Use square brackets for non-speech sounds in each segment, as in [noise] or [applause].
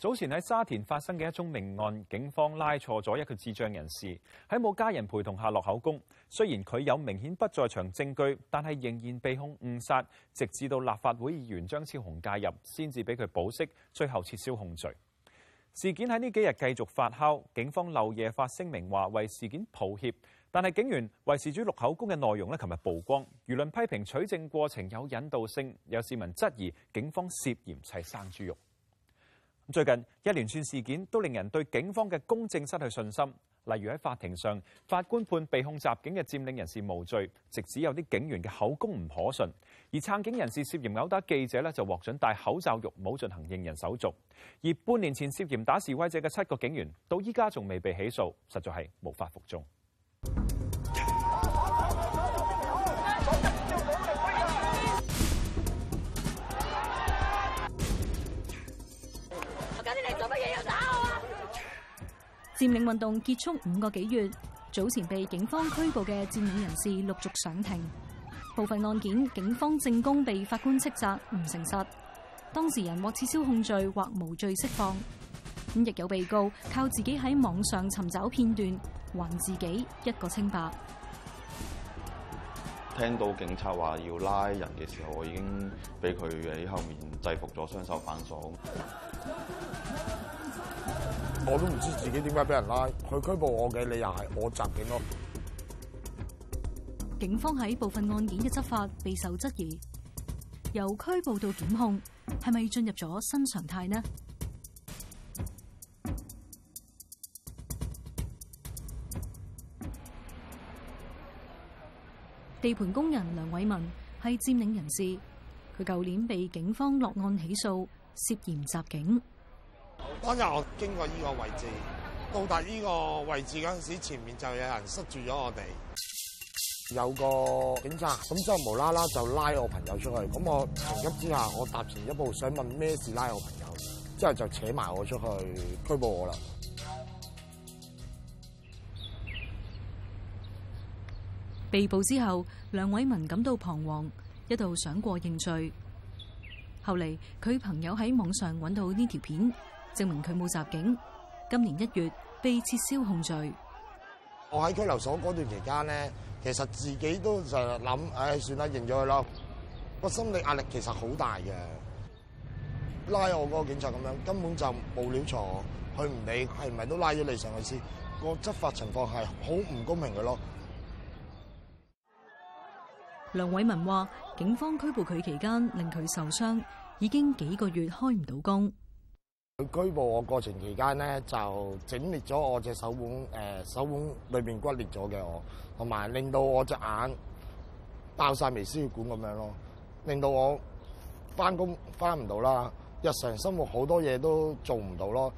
早前喺沙田發生嘅一宗命案，警方拉錯咗一個智障人士喺冇家人陪同下落口供。雖然佢有明顯不在場證據，但係仍然被控誤殺，直至到立法會議員張超雄介入，先至俾佢保釋，最後撤銷控罪。事件喺呢幾日繼續發酵，警方漏夜發聲明話為事件抱歉，但係警員為事主錄口供嘅內容咧，琴日曝光，輿論批評取證過程有引導性，有市民質疑警方涉嫌砌生豬肉。最近一連串事件都令人對警方嘅公正失去信心，例如喺法庭上，法官判被控襲警嘅佔領人士無罪，直指有啲警員嘅口供唔可信；而撐警人士涉嫌毆打記者呢，就獲准戴口罩、浴帽進行認人手續。而半年前涉嫌打示威者嘅七個警員，到依家仲未被起訴，實在係無法服眾。佔領運動結束五個幾月，早前被警方拘捕嘅佔領人士陸續上庭，部分案件警方證供被法官斥責唔誠實，當事人獲撤銷控罪或無罪釋放。咁亦有被告靠自己喺網上尋找片段，還自己一個清白。聽到警察話要拉人嘅時候，我已經俾佢喺後面制服咗，雙手反鎖。我都唔知自己點解俾人拉，佢拘捕我嘅理由係我襲警咯。警方喺部分案件嘅執法備受質疑，由拘捕到檢控，係咪進入咗新常態呢？地盤工人梁偉文係佔領人士，佢舊年被警方落案起訴，涉嫌襲警。當日我經過呢個位置，到達呢個位置嗰陣時，前面就有人塞住咗我哋。有個警察咁，即係無啦啦就拉我朋友出去。咁我情急之下，我踏前一步想問咩事拉我朋友，之後就扯埋我出去，拘捕我啦。被捕之後，梁偉文感到彷徨，一度想過認罪。後嚟佢朋友喺網上搵到呢條片。證明佢冇襲警，今年一月被撤銷控罪。我喺拘留所嗰段期間咧，其實自己都成日諗，唉、哎，算啦，認咗佢咯。個心理壓力其實好大嘅，拉我嗰個警察咁樣根本就無料錯，佢唔理係咪都拉咗你上去先。個執法情況係好唔公平嘅咯。梁偉文話，警方拘捕佢期間令佢受傷，已經幾個月開唔到工。佢拘捕我過程期間咧，就整裂咗我隻手腕，誒，手腕裏邊骨裂咗嘅我，同埋令到我隻眼爆晒微絲血管咁樣咯，令到我翻工翻唔到啦，日常生活好多嘢都做唔到咯。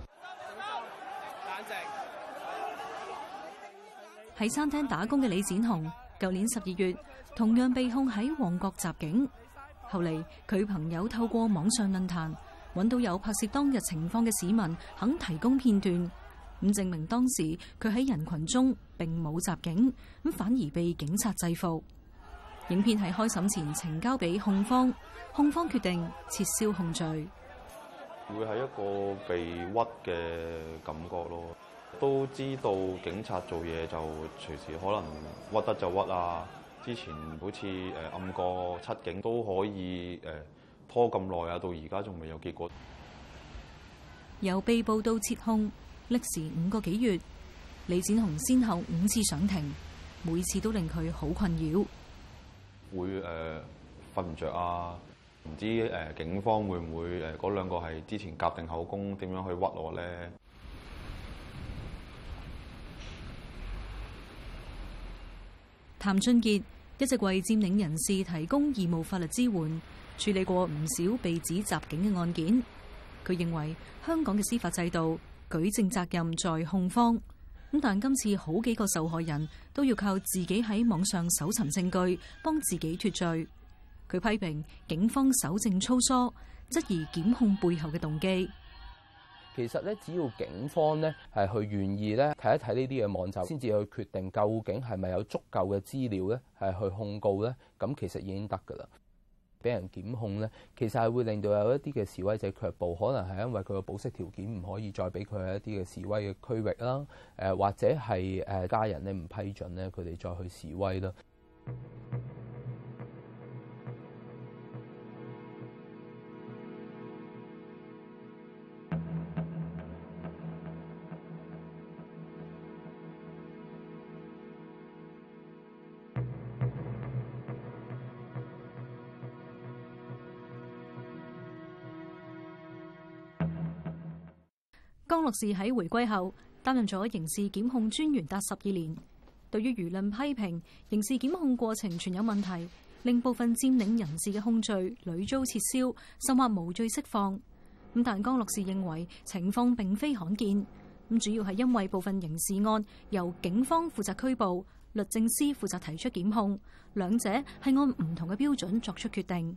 喺餐廳打工嘅李展雄，舊年十二月同樣被控喺旺角襲警，後嚟佢朋友透過網上論壇。揾到有拍攝當日情況嘅市民，肯提供片段，咁證明當時佢喺人群中並冇襲警，咁反而被警察制服。影片喺開審前呈交俾控方，控方決定撤銷控罪。會係一個被屈嘅感覺咯，都知道警察做嘢就隨時可能屈得就屈啊。之前好似誒暗過七警都可以誒。呃拖咁耐啊！到而家仲未有結果。由被捕到撤控，歷時五個幾月。李展雄先後五次上庭，每次都令佢好困擾。會誒瞓唔着啊！唔知誒、呃、警方會唔會誒嗰、呃、兩個係之前夾定口供，點樣去屈我咧？譚春杰一直為佔領人士提供義務法律支援。處理過唔少被指襲警嘅案件，佢認為香港嘅司法制度舉證責任在控方。咁但今次好幾個受害人都要靠自己喺網上搜尋證據，幫自己脫罪。佢批評警方搜證粗疏，質疑檢控背後嘅動機。其實咧，只要警方咧係去願意咧睇一睇呢啲嘅網站，先至去決定究竟係咪有足夠嘅資料咧係去控告咧，咁其實已經得噶啦。俾人檢控咧，其實係會令到有一啲嘅示威者卻步，可能係因為佢個保釋條件唔可以再俾佢喺一啲嘅示威嘅區域啦。誒，或者係誒家人咧唔批准咧，佢哋再去示威啦。江樂士喺回歸後擔任咗刑事檢控專員達十二年，對於輿論批評刑事檢控過程存有問題，令部分佔領人士嘅控罪屢遭撤銷，甚或無罪釋放。咁但江樂士認為情況並非罕見，咁主要係因為部分刑事案由警方負責拘捕，律政司負責提出檢控，兩者係按唔同嘅標準作出決定。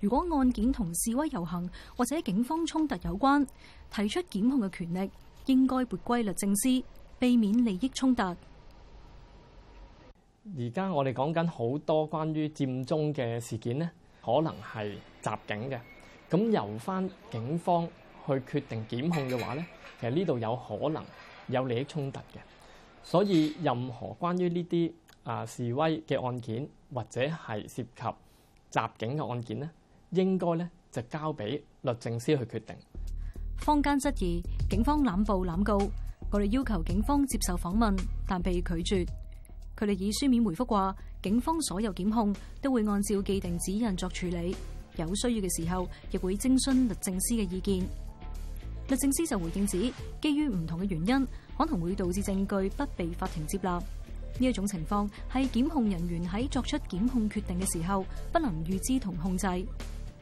如果案件同示威遊行或者警方衝突有關，提出檢控嘅權力應該撥歸律政司，避免利益衝突。而家我哋講緊好多關於佔中嘅事件咧，可能係襲警嘅，咁由翻警方去決定檢控嘅話咧，其實呢度有可能有利益衝突嘅，所以任何關於呢啲啊示威嘅案件或者係涉及襲警嘅案件咧。應該咧就交俾律政司去決定。坊間質疑警方濫捕濫告，我哋要求警方接受訪問，但被拒絕。佢哋以書面回覆話，警方所有檢控都會按照既定指引作處理，有需要嘅時候亦會徵詢律政司嘅意見。律政司就回應指，基於唔同嘅原因，可能會導致證據不被法庭接納。呢一種情況係檢控人員喺作出檢控決定嘅時候不能預知同控制。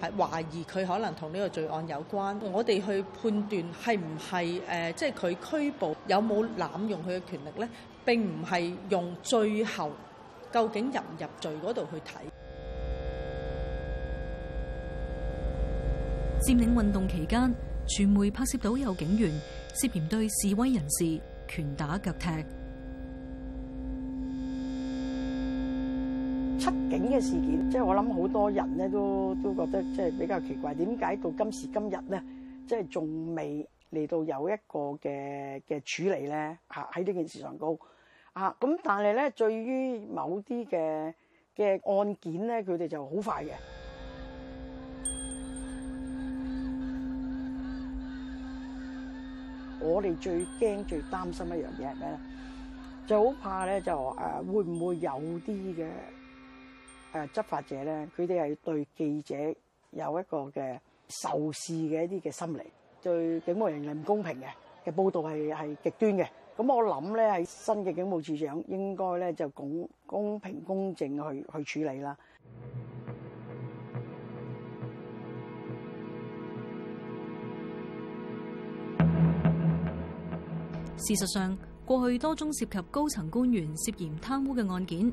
係懷疑佢可能同呢個罪案有關，我哋去判斷係唔係誒，即係佢拘捕有冇濫用佢嘅權力咧？並唔係用最後究竟入唔入罪嗰度去睇。佔領運動期間，傳媒拍攝到有警員涉嫌對示威人士拳打腳踢。七警嘅事件，即係我諗好多人咧都都覺得即係比較奇怪，點解到今時今日咧，即係仲未嚟到有一個嘅嘅處理咧？吓喺呢件事上高，啊咁，但係咧，對於某啲嘅嘅案件咧，佢哋就好快嘅。我哋最驚最擔心的一樣嘢係咩咧？就好怕咧就誒、啊、會唔會有啲嘅？誒執法者咧，佢哋係對記者有一個嘅仇視嘅一啲嘅心理，對警務人員係唔公平嘅嘅報道係係極端嘅。咁我諗咧，係新嘅警務處長應該咧就公公平公正去去處理啦。事實上，過去多宗涉及高層官員涉嫌貪污嘅案件，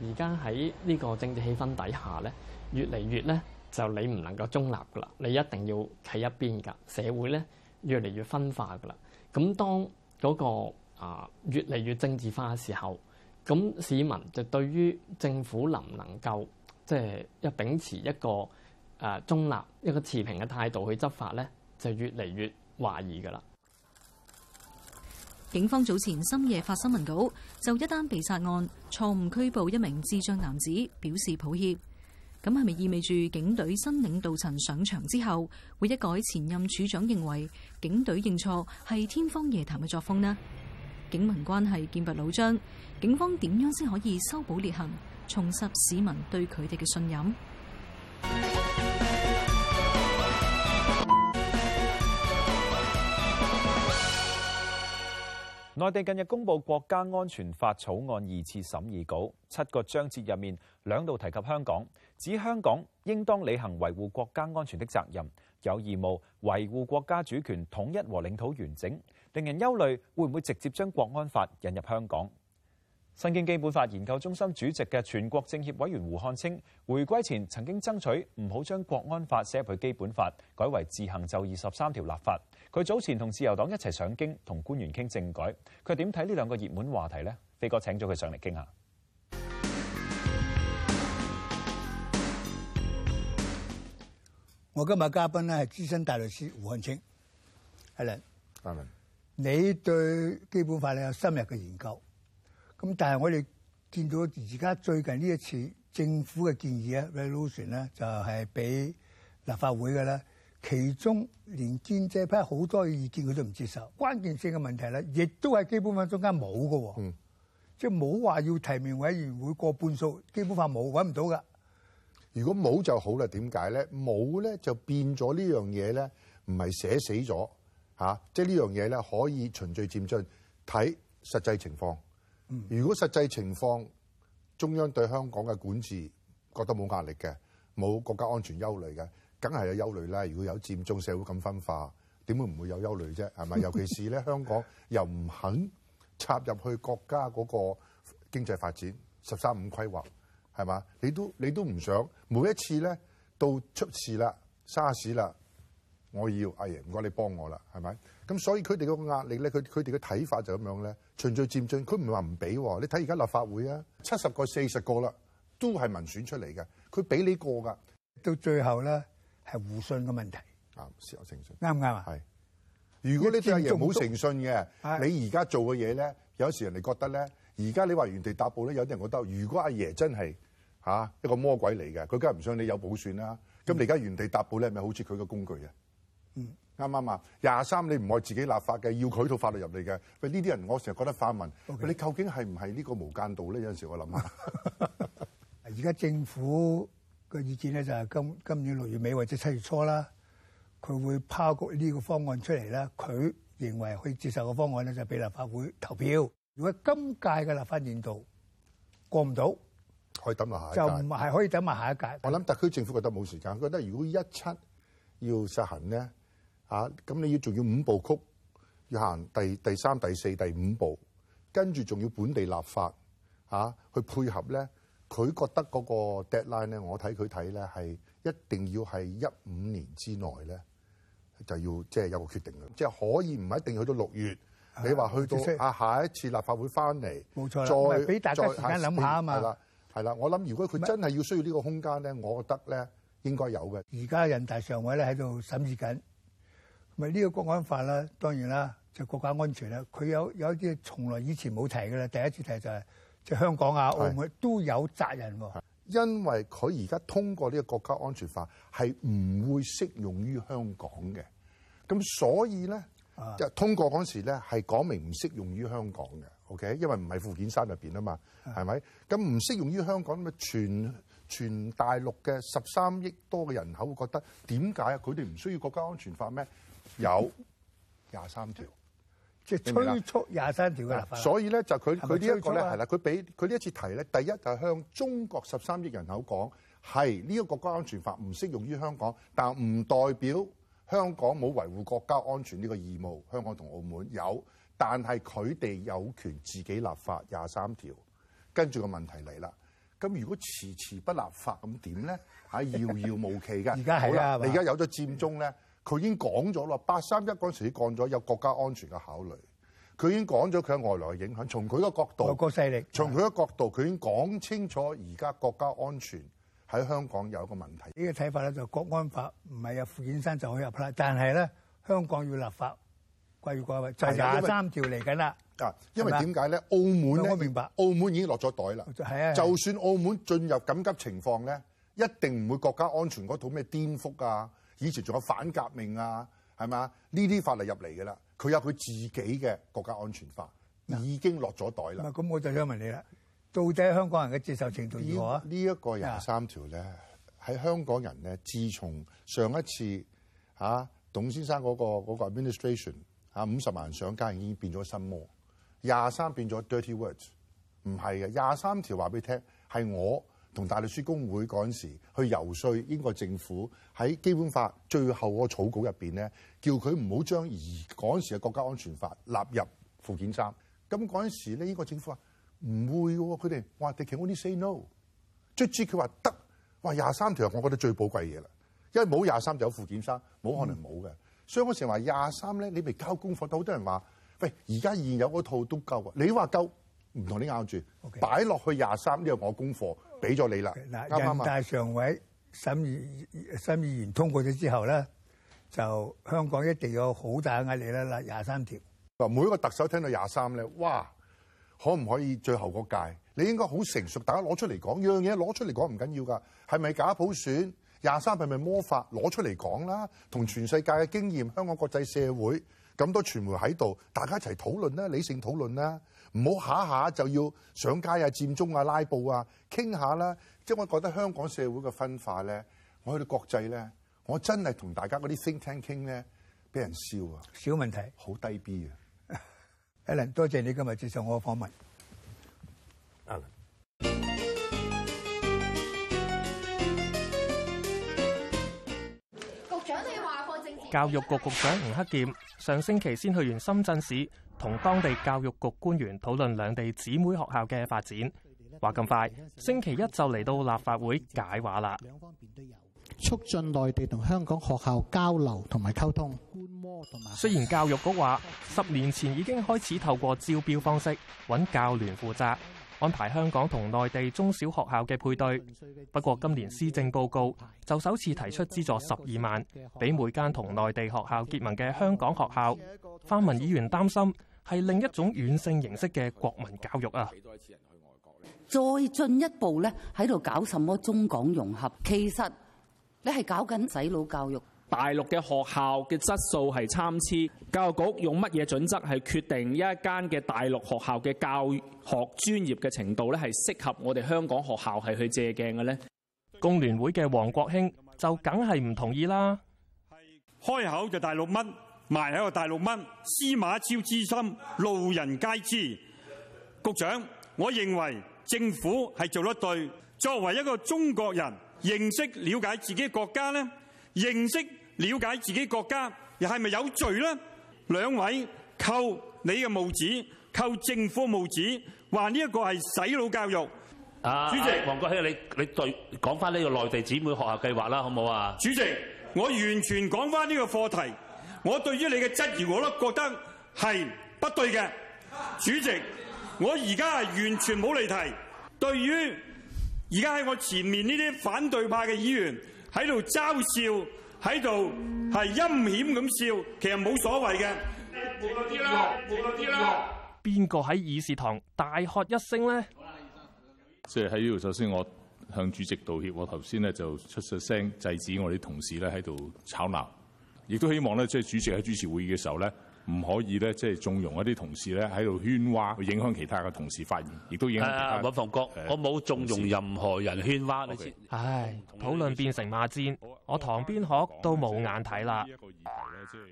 而家喺呢個政治氣氛底下咧，越嚟越咧就你唔能夠中立噶啦，你一定要企一邊噶。社會咧越嚟越分化噶啦。咁當嗰、那個啊、呃、越嚟越政治化嘅時候，咁市民就對於政府能唔能夠即係、就是、一秉持一個誒、呃、中立一個持平嘅態度去執法咧，就越嚟越懷疑噶啦。警方早前深夜發新聞稿，就一單被殺案錯誤拘捕一名智障男子，表示抱歉。咁係咪意味住警隊新領導層上場之後，會一改前任處長認為警隊認錯係天方夜譚嘅作風呢？警民關係劍拔弩張，警方點樣先可以修補裂痕，重拾市民對佢哋嘅信任？內地近日公布《國家安全法》草案二次審議稿，七個章節入面兩度提及香港，指香港應當履行維護國家安全的責任，有義務維護國家主權統一和領土完整，令人憂慮會唔會直接將《國安法》引入香港。新建基本法研究中心主席嘅全國政協委員胡漢清，回歸前曾經爭取唔好將國安法寫入基本法，改為自行就二十三條立法。佢早前同自由黨一齊上京同官員傾政改，佢點睇呢兩個熱門話題呢？飛哥請咗佢上嚟傾下。我今日嘉賓咧係資深大律師胡漢清，Alan，Alan，你對基本法咧有深入嘅研究。咁但係我哋見到而家最近呢一次政府嘅建議咧，resolution 咧就係俾立法會嘅咧，其中連建制派好多嘅意見佢都唔接受。關鍵性嘅問題咧，亦都係基本法中間冇㗎，即係冇話要提名委員會過半數，基本法冇揾唔到㗎。如果冇就好啦，點解咧？冇咧就變咗呢樣嘢咧，唔係寫死咗嚇，即係呢樣嘢咧可以循序漸進睇實際情況。如果實際情況中央對香港嘅管治覺得冇壓力嘅，冇國家安全憂慮嘅，梗係有憂慮啦。如果有佔中社會咁分化，點會唔會有憂慮啫？係咪？ [laughs] 尤其是咧，香港又唔肯插入去國家嗰個經濟發展十三五規劃係嘛？你都你都唔想每一次咧到出事啦，沙士啦。我要阿爺唔該，你幫我啦，係咪咁？所以佢哋個壓力咧，佢佢哋嘅睇法就咁樣咧，循序漸進。佢唔話唔俾喎。你睇而家立法會啊，七十個四十個啦，都係民選出嚟嘅，佢俾你過噶。到最後咧，係互信嘅問題啊，是否有誠信啱唔啱啊？係。如果你啲阿爺冇誠信嘅，你而家做嘅嘢咧，有時人哋覺得咧，而家你話原地踏步咧，有啲人覺得，如果阿爺，爺真係吓、啊，一個魔鬼嚟嘅，佢梗係唔想你有補選啦。咁你而家原地踏步咧，咪好似佢個工具啊？啱啱啊！廿三，你唔愛自己立法嘅，要佢套法律入嚟嘅。喂，呢啲人我成日覺得泛民，okay. 你究竟係唔係呢個無間道咧？有陣時我諗啊。而 [laughs] 家政府嘅意見咧就係今今年六月尾或者七月初啦，佢會拋出呢個方案出嚟啦。佢認為可以接受嘅方案咧就俾立法會投票。如果今屆嘅立法年度過唔到，佢抌落下屆，就唔係可以等埋下一屆。我諗特區政府覺得冇時間，覺得如果一七要實行咧。嚇、啊，咁你要仲要五步曲，要行第第三、第四、第五步，跟住仲要本地立法、啊、去配合咧。佢覺得嗰個 deadline 咧，我睇佢睇咧係一定要係一五年之內咧，就要即係、就是、有個決定嘅，即、就、係、是、可以唔一定去到六月。你話去到啊，下一次立法會翻嚟，冇錯，再俾大家時間諗下啊嘛。係啦，係啦，我諗如果佢真係要需要呢個空間咧，我覺得咧應該有嘅。而家人大常委咧喺度審議緊。咪、這、呢個國安法啦，當然啦，就是、國家安全啦。佢有有啲嘢從來以前冇提嘅啦。第一次提就係、是、即、就是、香港啊、澳門都有責任喎，因為佢而家通過呢個國家安全法係唔會適用於香港嘅。咁所以咧，就、啊、通過嗰時咧係講明唔適用於香港嘅。OK，因為唔係附件三入邊啊嘛，係、啊、咪？咁唔適用於香港咁啊全。全大陸嘅十三億多嘅人口會覺得點解佢哋唔需要國家安全法咩？有廿三條，即係催促廿三條嘅立法。所以咧就佢佢呢一個咧係啦，佢俾佢呢一次提咧，第一就係向中國十三億人口講，係呢個國家安全法唔適用於香港，但唔代表香港冇維護國家安全呢個義務。香港同澳門有，但係佢哋有權自己立法廿三條。跟住個問題嚟啦。咁如果遲遲不立法，咁點咧？嚇，遙遙無期㗎！而家係啦，而家有咗佔中咧，佢已經講咗喇。八三一嗰陣時講咗有國家安全嘅考慮，佢已經講咗佢喺外來嘅影響。從佢個角度，個勢力，從佢嘅角度，佢已經講清楚而家國家安全喺香港有一個問題。呢、呢個睇法咧就國安法唔係有附件三就可以入啦，但係咧香港要立法，掛住掛就廿、是、三條嚟緊啦。啊，因為點解咧？澳門咧，澳門已經落咗袋啦。係啊，啊，就算澳門進入緊急情況咧，一定唔會國家安全嗰套咩顛覆啊，以前仲有反革命啊，係嘛？呢啲法例入嚟㗎啦，佢有佢自己嘅國家安全法，啊、已經落咗袋啦。唔咁我就想問你啦、啊，到底香港人嘅接受程度如何？呢一個廿三條咧，喺、啊、香港人咧，自從上一次嚇、啊、董先生嗰、嗰個嗰個 administration 啊五十萬上街已經變咗心魔。廿三變咗 dirty words，唔係嘅，廿三條話俾你聽係我同大律師公會嗰陣時去游說英國政府喺基本法最後個草稿入邊咧，叫佢唔好將而嗰陣時嘅國家安全法納入附件三。咁嗰陣時咧，英國政府話唔會喎，佢哋話 they can only say no，卒之佢話得。哇，廿三條係我覺得最寶貴嘢啦，因為冇廿三條有附件三，冇可能冇嘅。嗯、所以我成日話廿三咧，你未交功課，好多人話。喂，而家現有嗰套都夠啊！你話夠唔同你拗住，擺、okay. 落去廿三呢？我功課俾咗你啦，啱、okay. 人大常委、審議審議員通過咗之後咧，就香港一定有好大嘅壓力啦！廿三條嗱，每一個特首聽到廿三咧，哇！可唔可以最後個屆？你應該好成熟，大家攞出嚟講，一樣嘢攞出嚟講唔緊要㗎，係咪假普選？廿三係咪魔法？攞出嚟講啦，同全世界嘅經驗，香港國際社會。咁多傳媒喺度，大家一齊討論啦，理性討論啦，唔好下下就要上街啊、佔中啊、拉布啊，傾下啦。即係我覺得香港社會嘅分化咧，我去到國際咧，我真係同大家嗰啲 think tank 傾咧，俾人笑啊！小問題，好低 B 啊！Alan，多謝你今日接受我嘅訪問，Alan。教育局局長吳克儉上星期先去完深圳市，同當地教育局官員討論兩地姊妹學校嘅發展。話咁快，星期一就嚟到立法會解話啦。促進內地同香港學校交流同埋溝通。雖然教育局話，十年前已經開始透過招標方式揾教聯負責。安排香港同內地中小學校嘅配對，不過今年施政報告就首次提出資助十二萬，俾每間同內地學校結盟嘅香港學校。泛民議員擔心係另一種軟性形式嘅國民教育啊！再進一步咧，喺度搞乜中港融合？其實你係搞緊仔佬教育。大陸嘅學校嘅質素係參差，教育局用乜嘢準則去決定一間嘅大陸學校嘅教學專業嘅程度呢？係適合我哋香港學校係去借鏡嘅呢？工聯會嘅王國興就梗係唔同意啦。開口就大陸蚊，埋口又大陸蚊。司馬昭之心路人皆知。局長，我認為政府係做得對。作為一個中國人，認識了解自己國家呢，認識，了解自己國家，又係咪有罪咧？兩位扣你嘅帽子，扣政府帽子，話呢一個係洗腦教育。啊，主席，王國興，你你對講返呢個內地姊妹學校計劃啦，好唔好啊？主席，我完全講返呢個課題。我對於你嘅質疑，我都覺得係不對嘅。主席，我而家係完全冇離題。對於而家喺我前面呢啲反對派嘅議員喺度嘲笑，喺度係陰險咁笑，其實冇所謂嘅，冇錯啲啦，冇錯啲啦。邊個喺議事堂大喝一聲咧？即係喺呢度，在首先我向主席道歉，我頭先咧就出咗聲制止我哋同事咧喺度吵鬧，亦都希望咧即係主席喺主持會議嘅時候咧。唔可以咧，即係縱容一啲同事咧喺度喧譁，會影響其他嘅同事發言，亦都影響啊。啊，尹鳳國，我冇縱容任何人喧譁、哎。唉，討論變成罵戰，我堂邊鶴都冇眼睇啦、就是。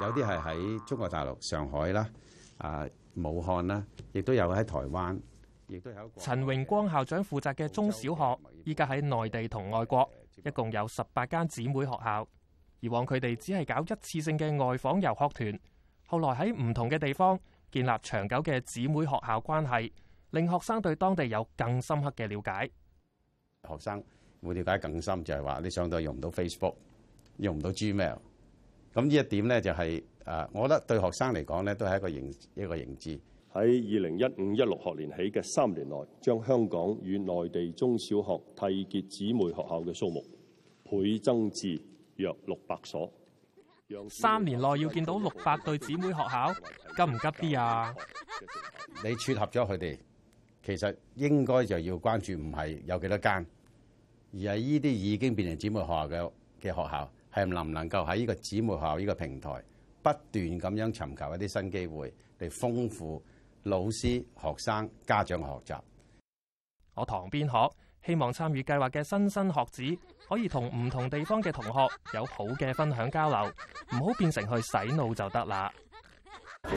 有啲係喺中國大陸上海啦，啊，武漢啦，亦、啊、都有喺台灣。亦都有。陳榮光校長負責嘅中小學，而家喺內地同外國，一共有十八間姊妹學校。以往佢哋只係搞一次性嘅外訪遊學團，後來喺唔同嘅地方建立長久嘅姊妹學校關係，令學生對當地有更深刻嘅了解。學生會了解更深，就係話你上到用唔到 Facebook，用唔到 Gmail，咁呢一點咧就係誒，我覺得對學生嚟講咧都係一個認一個認知。喺二零一五一六學年起嘅三年內，將香港與內地中小學締結姊妹學校嘅數目倍增至。約六百所，所，三年內要見到六百對姊妹學校，急唔急啲啊？ [laughs] 你撮合咗佢哋，其實應該就要關注唔係有幾多間，而係呢啲已經變成姊妹學校嘅嘅學校，係能唔能夠喺呢個姊妹學校呢個平台，不斷咁樣尋求一啲新機會，嚟豐富老師、學生、家長嘅學習。我堂邊鶴。希望參與計劃嘅新生學子可以同唔同地方嘅同學有好嘅分享交流，唔好變成去洗腦就得啦。咁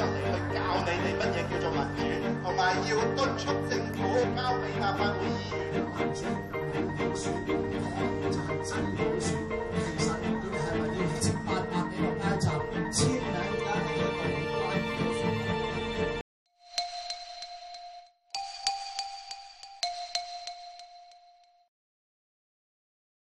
由你去教你哋乜嘢叫做民主，同埋要敦促政府交俾立法會議員。